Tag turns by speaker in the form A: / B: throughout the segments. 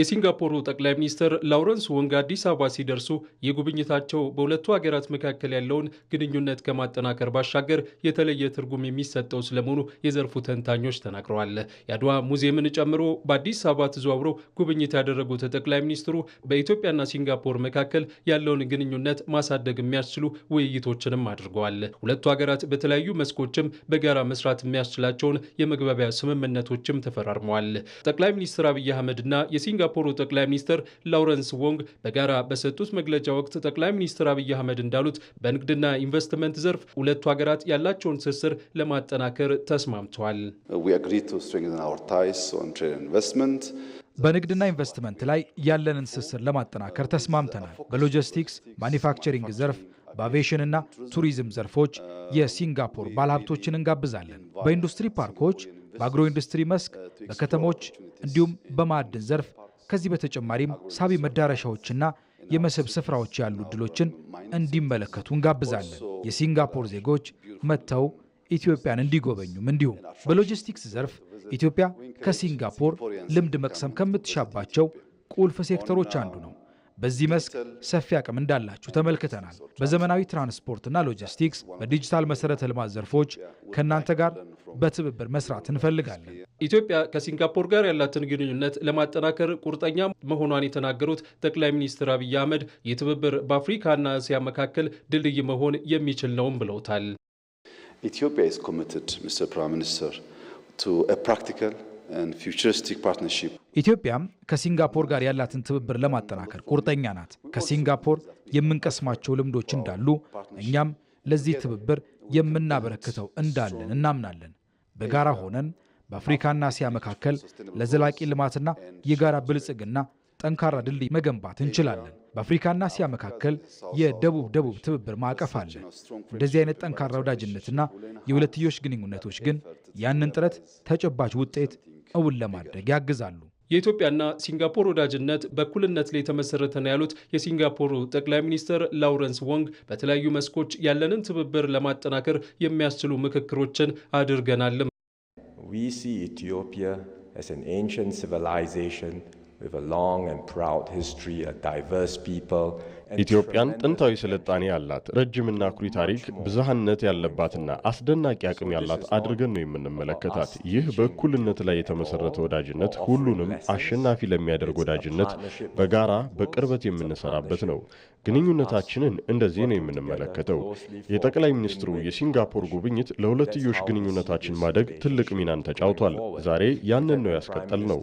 A: የሲንጋፖሩ ጠቅላይ ሚኒስትር ላውረንስ ወንግ አዲስ አበባ ሲደርሱ የጉብኝታቸው በሁለቱ ሀገራት መካከል ያለውን ግንኙነት ከማጠናከር ባሻገር የተለየ ትርጉም የሚሰጠው ስለመሆኑ የዘርፉ ተንታኞች ተናግረዋል። የአድዋ ሙዚየምን ጨምሮ በአዲስ አበባ ተዘዋውረው ጉብኝት ያደረጉት ጠቅላይ ሚኒስትሩ በኢትዮጵያና ሲንጋፖር መካከል ያለውን ግንኙነት ማሳደግ የሚያስችሉ ውይይቶችንም አድርገዋል። ሁለቱ ሀገራት በተለያዩ መስኮችም በጋራ መስራት የሚያስችላቸውን የመግባቢያ ስምምነቶችም ተፈራርመዋል። ጠቅላይ ሚኒስትር አብይ አህመድና የሲንጋፖሩ ጠቅላይ ሚኒስትር ላውረንስ ወንግ በጋራ በሰጡት መግለጫ ወቅት ጠቅላይ ሚኒስትር አብይ አህመድ እንዳሉት በንግድና ኢንቨስትመንት ዘርፍ ሁለቱ ሀገራት ያላቸውን ትስስር ለማጠናከር ተስማምተዋል። በንግድና ኢንቨስትመንት ላይ ያለንን ትስስር ለማጠናከር ተስማምተናል። በሎጂስቲክስ፣ ማኒፋክቸሪንግ ዘርፍ በአቪዬሽንና ቱሪዝም ዘርፎች የሲንጋፖር ባለሀብቶችን እንጋብዛለን። በኢንዱስትሪ ፓርኮች፣ በአግሮ ኢንዱስትሪ መስክ፣ በከተሞች እንዲሁም በማዕድን ዘርፍ ከዚህ በተጨማሪም ሳቢ መዳረሻዎችና የመስህብ ስፍራዎች ያሉ እድሎችን እንዲመለከቱ እንጋብዛለን። የሲንጋፖር ዜጎች መጥተው ኢትዮጵያን እንዲጎበኙም እንዲሁም በሎጂስቲክስ ዘርፍ ኢትዮጵያ ከሲንጋፖር ልምድ መቅሰም ከምትሻባቸው ቁልፍ ሴክተሮች አንዱ ነው። በዚህ መስክ ሰፊ አቅም እንዳላችሁ ተመልክተናል። በዘመናዊ ትራንስፖርትና ሎጂስቲክስ፣ በዲጂታል መሰረተ ልማት ዘርፎች ከእናንተ ጋር በትብብር መስራት እንፈልጋለን። ኢትዮጵያ ከሲንጋፖር ጋር ያላትን ግንኙነት ለማጠናከር ቁርጠኛ መሆኗን የተናገሩት ጠቅላይ ሚኒስትር አብይ አህመድ የትብብር በአፍሪካና እስያ መካከል ድልድይ መሆን የሚችል ነውም ብለውታል።
B: ኢትዮጵያ ኢዝ ኮሚትድ ሚስተር ፕራይም ሚኒስትር ቱ ፕራክቲካል
A: ኢትዮጵያም ከሲንጋፖር ጋር ያላትን ትብብር ለማጠናከር ቁርጠኛ ናት። ከሲንጋፖር የምንቀስማቸው ልምዶች እንዳሉ እኛም ለዚህ ትብብር የምናበረክተው እንዳለን እናምናለን። በጋራ ሆነን በአፍሪካና እስያ መካከል ለዘላቂ ልማትና የጋራ ብልጽግና ጠንካራ ድልድይ መገንባት እንችላለን። በአፍሪካና እስያ መካከል የደቡብ ደቡብ ትብብር ማዕቀፍ አለ። እንደዚህ አይነት ጠንካራ ወዳጅነትና የሁለትዮሽ ግንኙነቶች ግን ያንን ጥረት ተጨባጭ ውጤት እውን ለማድረግ ያግዛሉ። የኢትዮጵያና ሲንጋፖር ወዳጅነት በእኩልነት ላይ የተመሰረተ ነው ያሉት የሲንጋፖሩ ጠቅላይ ሚኒስትር ላውረንስ ወንግ በተለያዩ መስኮች ያለንን ትብብር ለማጠናከር የሚያስችሉ ምክክሮችን አድርገናልም
B: we see Ethiopia as an ancient civilization
A: ኢትዮጵያን ጥንታዊ ስልጣኔ ያላት ረጅምና ኩሪ ታሪክ ብዝሃነት ያለባትና አስደናቂ አቅም ያላት አድርገን ነው የምንመለከታት። ይህ በእኩልነት ላይ የተመሰረተ ወዳጅነት ሁሉንም አሸናፊ ለሚያደርግ ወዳጅነት በጋራ በቅርበት የምንሰራበት ነው። ግንኙነታችንን እንደዚህ ነው የምንመለከተው። የጠቅላይ ሚኒስትሩ የሲንጋፖር ጉብኝት ለሁለትዮሽ ግንኙነታችን ማደግ ትልቅ ሚናን ተጫውቷል። ዛሬ ያንን ነው ያስቀጠል ነው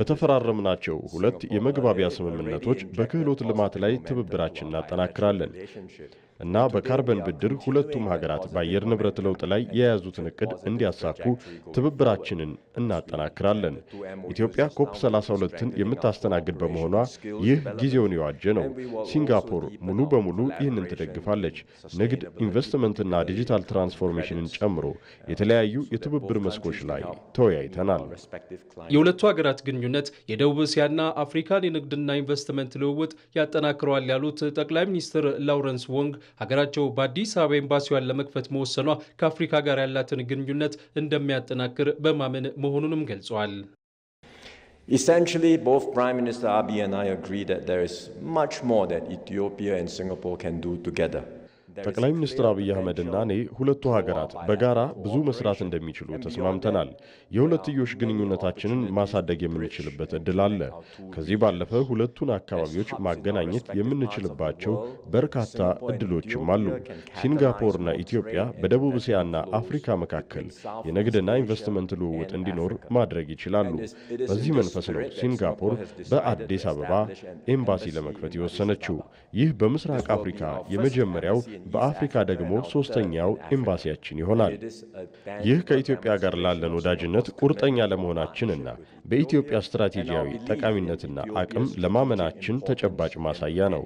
A: በተፈራረምናቸው ናቸው። ሁለት የመግባቢያ ስምምነቶች በክህሎት ልማት ላይ ትብብራችን እናጠናክራለን። እና በካርበን ብድር ሁለቱም ሀገራት በአየር ንብረት ለውጥ ላይ የያዙትን እቅድ እንዲያሳኩ ትብብራችንን እናጠናክራለን። ኢትዮጵያ ኮፕ 32ን የምታስተናግድ በመሆኗ ይህ ጊዜውን የዋጀ ነው። ሲንጋፖር ሙሉ በሙሉ ይህንን ትደግፋለች። ንግድ፣ ኢንቨስትመንትና ዲጂታል ትራንስፎርሜሽንን ጨምሮ የተለያዩ የትብብር መስኮች ላይ ተወያይተናል። የሁለቱ ሀገራት ግንኙነት የደቡብ እስያና አፍሪካን የንግድና ኢንቨስትመንት ልውውጥ ያጠናክረዋል ያሉት ጠቅላይ ሚኒስትር ላውረንስ ወንግ ሀገራቸው በአዲስ አበባ ኤምባሲዋን ለመክፈት መወሰኗ ከአፍሪካ ጋር ያላትን ግንኙነት እንደሚያጠናክር በማመን መሆኑንም ገልጸዋል።
B: Essentially, both Prime Minister Abiy and I agree that there is much more that Ethiopia and Singapore can do together.
A: ጠቅላይ ሚኒስትር አብይ አህመድና እኔ ሁለቱ ሀገራት በጋራ ብዙ መስራት እንደሚችሉ ተስማምተናል። የሁለትዮሽ ግንኙነታችንን ማሳደግ የምንችልበት እድል አለ። ከዚህ ባለፈ ሁለቱን አካባቢዎች ማገናኘት የምንችልባቸው በርካታ እድሎችም አሉ። ሲንጋፖርና ኢትዮጵያ በደቡብ እስያና አፍሪካ መካከል የንግድና ኢንቨስትመንት ልውውጥ እንዲኖር ማድረግ ይችላሉ። በዚህ መንፈስ ነው ሲንጋፖር በአዲስ አበባ ኤምባሲ ለመክፈት የወሰነችው። ይህ በምስራቅ አፍሪካ የመጀመሪያው በአፍሪካ ደግሞ ሶስተኛው ኤምባሲያችን ይሆናል። ይህ ከኢትዮጵያ ጋር ላለን ወዳጅነት ቁርጠኛ ለመሆናችንና በኢትዮጵያ ስትራቴጂያዊ ጠቃሚነትና አቅም ለማመናችን ተጨባጭ ማሳያ ነው።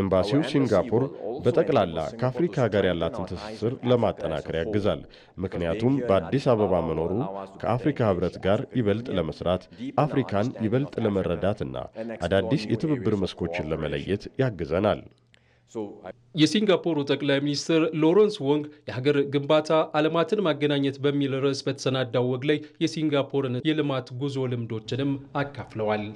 A: ኤምባሲው ሲንጋፖር በጠቅላላ ከአፍሪካ ጋር ያላትን ትስስር ለማጠናከር ያግዛል። ምክንያቱም በአዲስ አበባ መኖሩ ከአፍሪካ ሕብረት ጋር ይበልጥ ለመስራት አፍሪካን ይበልጥ ለመረዳትና አዳዲስ የትብብር መስኮችን ለመለየት ያግዘናል። የሲንጋፖሩ ጠቅላይ ሚኒስትር ሎረንስ ወንግ የሀገር ግንባታ ዓለማትን ማገናኘት በሚል ርዕስ በተሰናዳው ወግ ላይ የሲንጋፖርን የልማት ጉዞ ልምዶችንም አካፍለዋል።